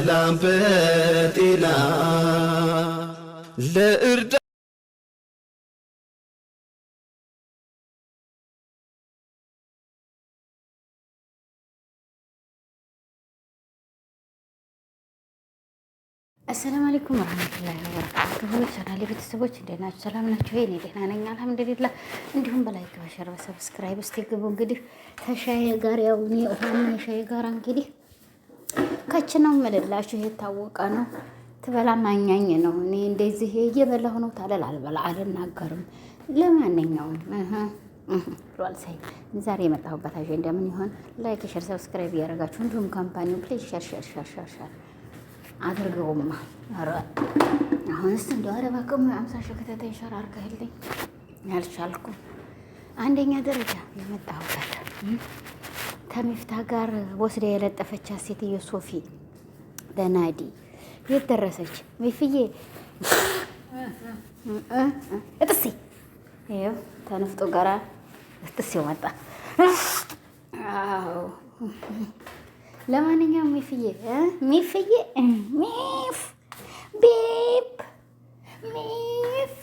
በሰላም በጤና ለእርዳ አሰላሙ አለይኩም ወራህመቱላሂ ወበረካቱሁ። ቻናሌ ቤተሰቦች እንዴት ናችሁ? ሰላም ናችሁ? እኔ ደህና ነኝ አልሐምዱሊላህ። እንዲሁም በላይክ በሸር በሰብስክራይብ እስቲ ግቡ። እንግዲህ ከሻይ ጋር ያው እኔ ውሃና ሻይ ጋር እንግዲህ እየተሳካች ነው ይሄ የታወቀ ነው። ትበላ ማኛኝ ነው። እኔ እንደዚህ እየበላሁ ነው ታለል አልበላ አልናገርም። ለማንኛውም ብሏል ሳይ ዛሬ የመጣሁበት አጀንዳ ምን ይሆን? ላይክ ሸር፣ ሰብስክራይብ እያደረጋችሁ እንዲሁም ካምፓኒው ፕሌ ሸር ሸር ሸር ሸር አድርገውማ አሁንስ እንደው ኧረ እባክህ አምሳ ሺህ ከተታይ ሸር አድርገህልኝ ያልቻልኩ አንደኛ ደረጃ የመጣሁበት ከሚፍታ ጋር ወስዳ የለጠፈቻት ሴትዮ ሶፊ ለናዲ የት ደረሰች? ሚፍዬ እጥሴ ይኸው ተነፍጦ ጋራ እጥሴው መጣ። ለማንኛውም ሚፍዬ ሚፍዬ ሚፍ ቢፕ ሚፍ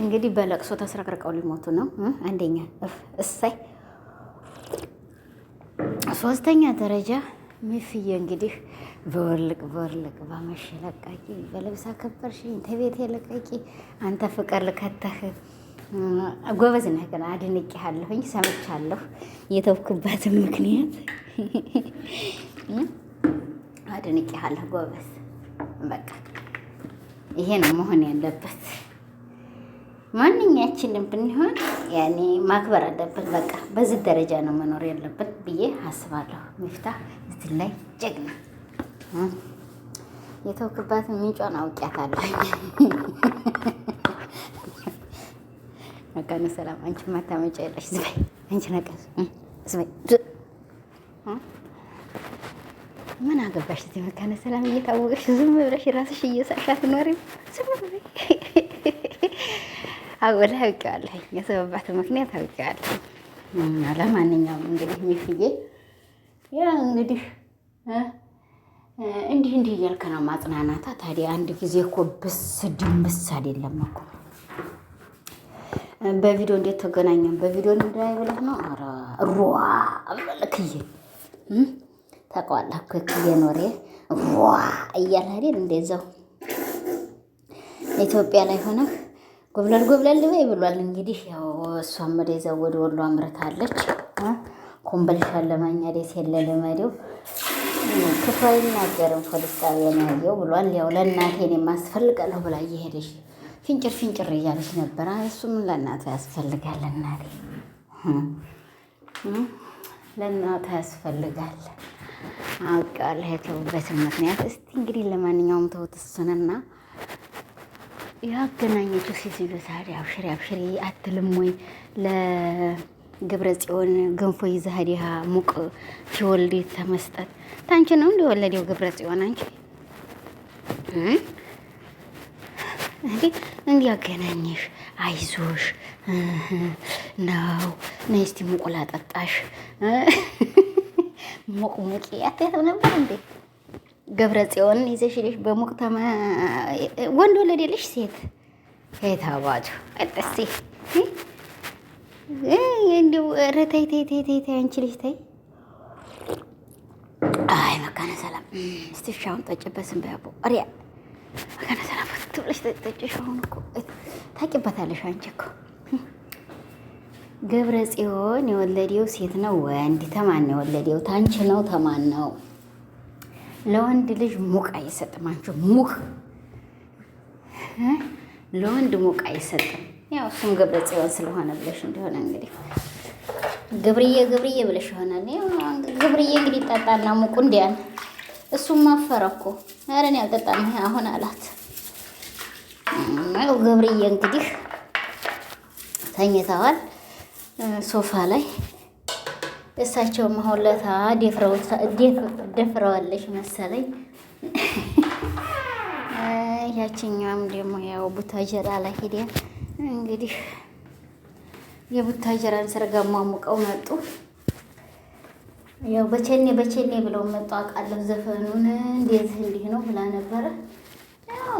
እንግዲህ በለቅሶ ተስረቅርቀው ሊሞቱ ነው። አንደኛ እሳይ፣ ሶስተኛ ደረጃ ሚፍዬ እንግዲህ በወርልቅ በወርልቅ በመሽ ለቃቂ በልብስ አከበርሽኝ ተቤት ለቃቂ አንተ ፍቅር ልከተህ ጎበዝ ነህ፣ ግን አድንቄሃለሁኝ፣ ሰምቻለሁ። የተውኩበትን ምክንያት አድንቄሃለሁ። ጎበዝ በቃ ይሄ ነው መሆን ያለበት። ማንኛችንም ብንሆን ያኔ ማክበር አለብን። በቃ በዚህ ደረጃ ነው መኖር ያለብን ብዬ አስባለሁ። ሚፍታ እዚህ ላይ ጀግና የተውክባት ምንጯን አውቂያታለሁ። መካነ ሰላም አንቺ ማታመጫ ያለሽ ዝበይ፣ አንቺ ነቀስ ዝበይ። ምን አገባሽ እዚህ መካነ ሰላም እየታወቀሽ ዝም ብለሽ ራስሽ እየሳሻ ትኖሪ። ዝም በይ አውለ አውቄዋለሁ። የሰበባት ምክንያት አውቄዋለሁ። ለማንኛውም እንግዲህ ሚፍዬ ያ እንግዲህ እንዲህ እንዲህ እያልክ ነው ማጽናናታ። ታዲያ አንድ ጊዜ እኮ ብስ ድምስ አይደለም እኮ በቪዲዮ እንዴት ተገናኘን? በቪዲዮ እንዳይ ብለህ ነው? ኧረ ሯ አልክዬ ታውቀዋለህ እኮ ክዬ ኖሬ ሯ እያልህ አይደል እንደዛው ኢትዮጵያ ላይ ሆነህ ጎብለል ጎብለል በይ ብሏል። እንግዲህ ያው እሷም ወደዚያው ወደ ወሎ አምርታለች። ኮምበልሻ ለማኛ ደስ የለ ለመደው ክፉ አይናገርም ፖሊስ ጣቢያ ነው ያየው ብሏል። ያው ለእናቴን የማስፈልጋለሁ ብላ እየሄደች ፊንጭር ፊንጭር እያለች ነበረ። እሱም ለእናቷ ያስፈልጋል፣ እናቴ ለእናቷ ያስፈልጋል። አውቃለሁ የተውበትን ምክንያት። እስቲ እንግዲህ ለማንኛውም ተውት እሱንና ያገናኘችው ሲሲሉ ታዲያ አብሽሪ አብሽሪ አትልም ወይ? ለግብረ ጽዮን ገንፎ ይዛህድ ሙቅ ሲወልድ ተመስጠት ታንቺ ነው እንደወለደው ግብረ ጽዮን አንቺ እንዲ ያገናኘሽ አይዞሽ ነው ነይ እስቲ ሙቁላ ጠጣሽ ሙቅ ሙቅ ያት ነበር እንዴ ገብረ ጽዮን ይዘሽ ሄደሽ በሙቅተማ ወንድ ወለድ የለሽ ሴት የታባጁ ጠስ እንዲው ኧረ ተይ ተይ ተይ ተይ ተይ አንቺ ልጅ ተይ። አይ መካነ ሰላም እስቲ ሻውን ጠጭበት ስንበ ያቦ ሪያ መካነ ሰላም ፈት ብለሽ ጠጭ። ሻውን እኮ ታቂበታለሽ አንቺ እኮ ገብረ ጽዮን የወለዴው ሴት ነው ወንድ። ተማን የወለዴው ታንቺ ነው ተማን ነው ለወንድ ልጅ ሙቅ አይሰጥም። አንቺ ሙቅ ለወንድ ሙቅ አይሰጥም። ያው እሱም ገብረ ጽዮን ስለሆነ ብለሽ እንደሆነ እንግዲህ ግብርዬ ግብርዬ ብለሽ ይሆናል። ግብርዬ እንግዲህ ጠጣና ሙቁ እንዲያል እሱም አፈረ እኮ ኧረ እኔ አልጠጣም አሁን አላት። ገብርዬ እንግዲህ ተኝተዋል ሶፋ ላይ እሳቸው መሆለታ ደፍረዋለች መሰለኝ። ያችኛዋም ደግሞ ያው ቡታጀራ ላይ ሄደ እንግዲህ የቡታጀራን ሰርግ አሟሙቀው መጡ። ያው በቸኔ በቸኔ ብለው መጡ። አውቃለሁ ዘፈኑን እንዴት እንዲህ ነው ብላ ነበረ።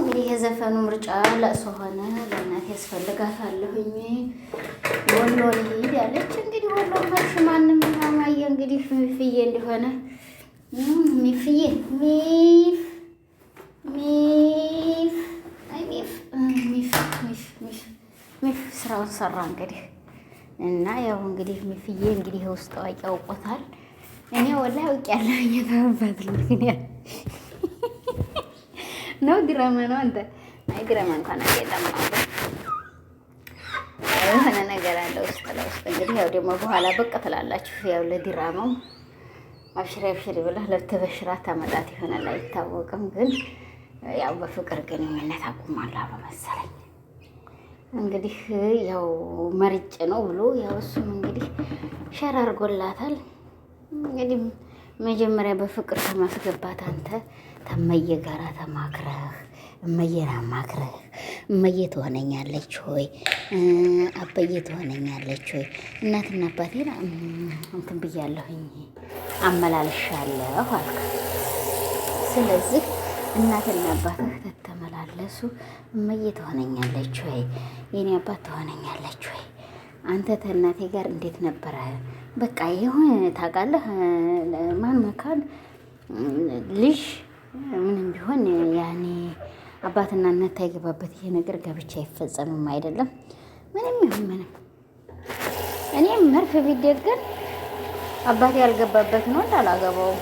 እንግዲህ የዘፈኑ ምርጫ ለቅሶ ሆነ። ለእናት ያስፈልጋታለሁኝ ወሎ ልሂድ ያለች እንግዲህ ወሎ ሀሽ ማንም ማየ እንግዲህ ሚፍዬ እንደሆነ ሚፍዬ ሚፍ ሚፍ ሚፍ ሚፍ ሚፍ ሚፍ ሚፍ ስራውን ሰራ እንግዲህ እና ያው እንግዲህ ሚፍዬ እንግዲህ አዋቂ እኔ አውቄያለሁ ምክንያት ነው ግረመ ነው እንደ አይ ግረመ እንኳን አይደለም ማለት የሆነ ነገር አለ ውስጥ ለውስጥ። እንግዲህ ያው ደግሞ በኋላ በቃ ትላላችሁ። ያው ለዲራማው አብሽሪ አብሽሪ ብላ ለተበሽራ ታመጣት ይሆናል አይታወቅም። ግን ያው በፍቅር ግንኙነት አቁማለሁ በመሰለኝ እንግዲህ ያው መርጭ ነው ብሎ ያው እሱም እንግዲህ ሸር አድርጎላታል እንግዲህ መጀመሪያ በፍቅር ከማስገባት አንተ ተመየ ጋራ ተማክረህ እመየን አማክረህ እመየ ትሆነኛለች ሆይ አበየ ትሆነኛለች ሆይ እናትና አባቴን እንትን ብያለሁኝ አመላልሻለሁ አልክ። ስለዚህ እናትና አባትህ ተተመላለሱ እመየ ትሆነኛለች ሆይ የኔ አባት ትሆነኛለች ሆይ አንተ ተእናቴ ጋር እንዴት ነበረ? በቃ ይሁን ታውቃለህ፣ ማን መካል ልሽ ምንም ቢሆን ያኔ አባትና እናት ታይገባበት ይሄ ነገር ጋብቻ አይፈጸምም አይደለም። ምንም ይሁን ምንም እኔም መርፍ ቢደገር አባቴ ያልገባበት ነው እንዳላገባው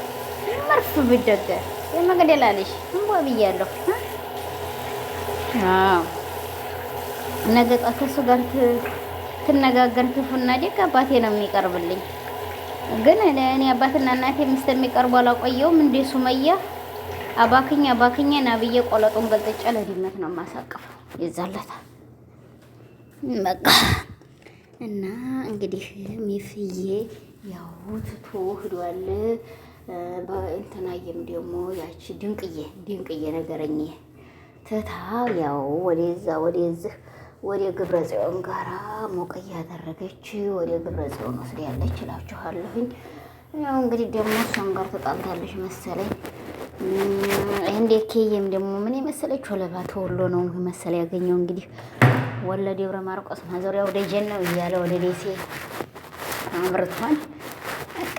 መርፍ ቢደገር የመገደላ ልጅ እንቧ ብያለሁ። ነገ ጧት ከእሱ ጋር ሳትነጋገር ክፉና ደግ አባቴ ነው የሚቀርብልኝ። ግን እኔ አባትና እናቴ ሚስት የሚቀርቡ አላቆየውም። እንደ ሱመያ አባክኝ አባክኝ ና ብዬ ቆለጡን ገልጥጬ ለድመት ነው የማሳቅፈው። ይዛለታ በቃ እና እንግዲህ ሚፍዬ ያው ትቶ ሂዷል። በእንትናየም ደግሞ ያቺ ድንቅዬ ድንቅዬ ነገረኝ ትታ ያው ወደዛ ወደዚህ ወደ ግብረ ጽዮን ጋራ ሞቀ እያደረገች ወደ ግብረ ጽዮን ወስድ ያለች እላችኋለሁኝ። ያው እንግዲህ ደግሞ እሷም ጋር ተጣልታለች መሰለኝ። እንዴ ኬዬም ደግሞ ምን የመሰለች ወለባ ተወሎ ነው መሰለ ያገኘው እንግዲህ ወለ ደብረ ማርቆስ ማዞሪያ ወደ ጀን ነው እያለ ወደ ደሴ አምርቷል። በቃ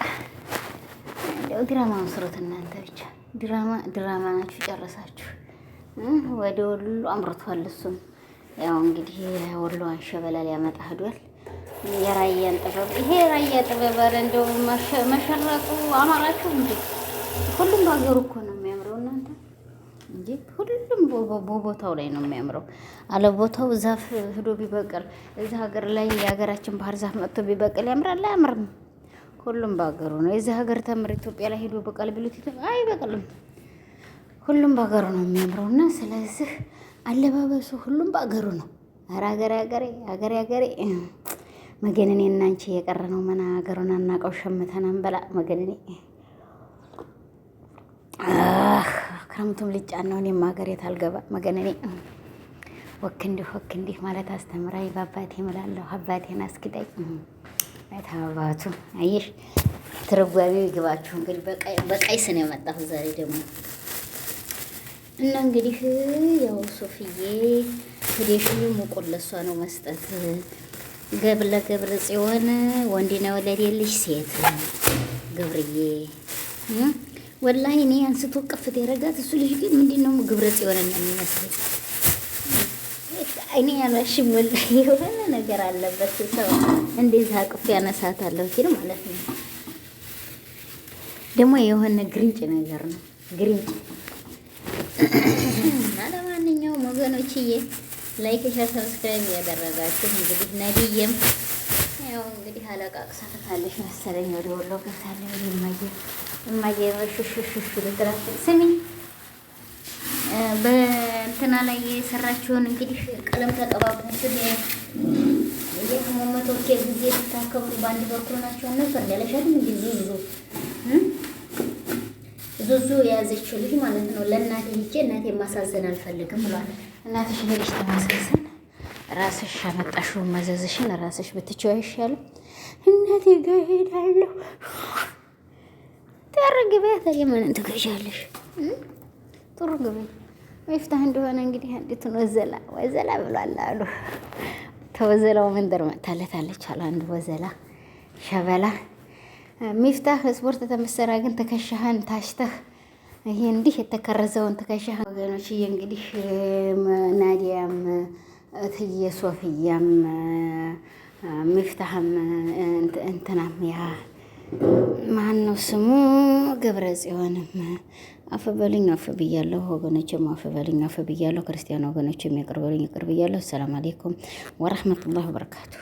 እንደው ድራማ መስሩት እናንተ ብቻ ድራማ ድራማ ናችሁ ጨረሳችሁ። ወደ ወሎ አምርቷል እሱም ያው እንግዲህ ወሎን ሸበላ ያመጣ ሂዷል የራያን ጥበብ ይሄ ራያ ጥበብ አለ። እንደው መሸረቁ አማራችሁ እንዴ? ሁሉም በሀገሩ እኮ ነው የሚያምረው እናንተ እንጂ ሁሉም በቦታው ላይ ነው የሚያምረው። አለ ቦታው ዛፍ ሂዶ ቢበቅል እዚህ ሀገር ላይ የሀገራችን ባህር ዛፍ መጥቶ ቢበቅል ያምራል አያምርም? ሁሉም በሀገሩ ነው። የዚህ ሀገር ተምር ኢትዮጵያ ላይ ሄዶ በቃል ብሉት አይበቅልም። ሁሉም በሀገሩ ነው የሚያምረውና ስለዚህ አለባበሱ ሁሉም በአገሩ ነው። ኧረ አገሬ አገሬ አገሬ አገሬ መገንኔ እናንቺ የቀረ ነው መና አገሩን አናቀው ሸምተናን በላ መገንኔ ክረምቱም ልጫ ነው። እኔም አገሬ ታልገባ መገንኔ ወክ እንዲህ ወክ እንዲህ ማለት አስተምራኝ በአባቴ ምላለሁ አባቴን አስኪዳኝ ታባቱ አየሽ፣ ትርጓሜው ይግባችሁ። እንግዲህ በቀይ ስን የመጣሁ ዛሬ ደግሞ እና እንግዲህ ያው ሶፍዬ ክዴሽኑ ሙቁለሷ ነው መስጠት ገብለ ገብረ ጽዮን ወንድ ነው ለሌልሽ ሴት ገብርዬ ወላሂ እኔ አንስቶ ቀፍት ያደረጋት እሱ ልጅ ግን ምንድን ነው ግብረ ጽዮን ነው የሚመስለኝ። እኔ ያላሽም ወላሂ የሆነ ነገር አለበት ሰው እንደዛ አቅፍ ያነሳታለሁ ሲል ማለት ነው። ደግሞ የሆነ ግሪጭ ነገር ነው ግሪጭ እና ለማንኛውም ወገኖችዬ ላይክ፣ ሼር፣ ሰብስክራይብ ያደረጋችሁ እንግዲህ ነብዬም ያው እንግዲህ አለቃቅሳ ትታለሽ መሰለኝ ወደ ወሎ ከታለ ወደ እማዬ እማዬ ሽሽሽሽ ልትላት ስሚ በእንትና ላይ የሰራችውን እንግዲህ ቀለም ተቀባብታችሁ የህመመቶ ጊዜ ስታከብሩ በአንድ በኩል ናቸው ነበር ያለሻል እንግዲህ ዙዙ ዙዙ የያዘችው ልጅ ማለት ነው ለእናቴ ሂጄ እናቴ ማሳዘን አልፈልግም ብሏል። እናትሽ በልጅ ተማሳዘን ራስሽ አመጣሽው መዘዝሽን ራስሽ ብትችው አይሻልም? እናቴ ጋ ሄዳለሁ ጥሩ ግበያ ታዲያ ምንን ትገዣለሽ? ጥሩ ግበያ ሚፍታህ እንደሆነ እንግዲህ አንዲቱን ወዘላ ወዘላ ብሏል አሉ ተወዘላው መንደር መጥታለታለች አሉ አንድ ወዘላ ሸበላ ሚፍታህ ስፖርት ተመሰራ ግን ትከሻህን ታሽተህ ይሄ እንዲህ የተከረዘውን ትከሻህን ወገኖችዬ፣ እንግዲህ ናዲያም እትዬ ሶፍያም ሚፍታህም እንትናም ያ ማን ነው ስሙ ገብረ ጽዮንም አፍ በሉኝ አፍ ብያለሁ፣ ወገኖችም አፍ በሉኝ አፍ ብያለሁ። ክርስቲያን ወገኖችም ይቅር በሉኝ ይቅር ብያለሁ። አሰላም አሌይኩም ወረህመቱላህ ወበረካቱ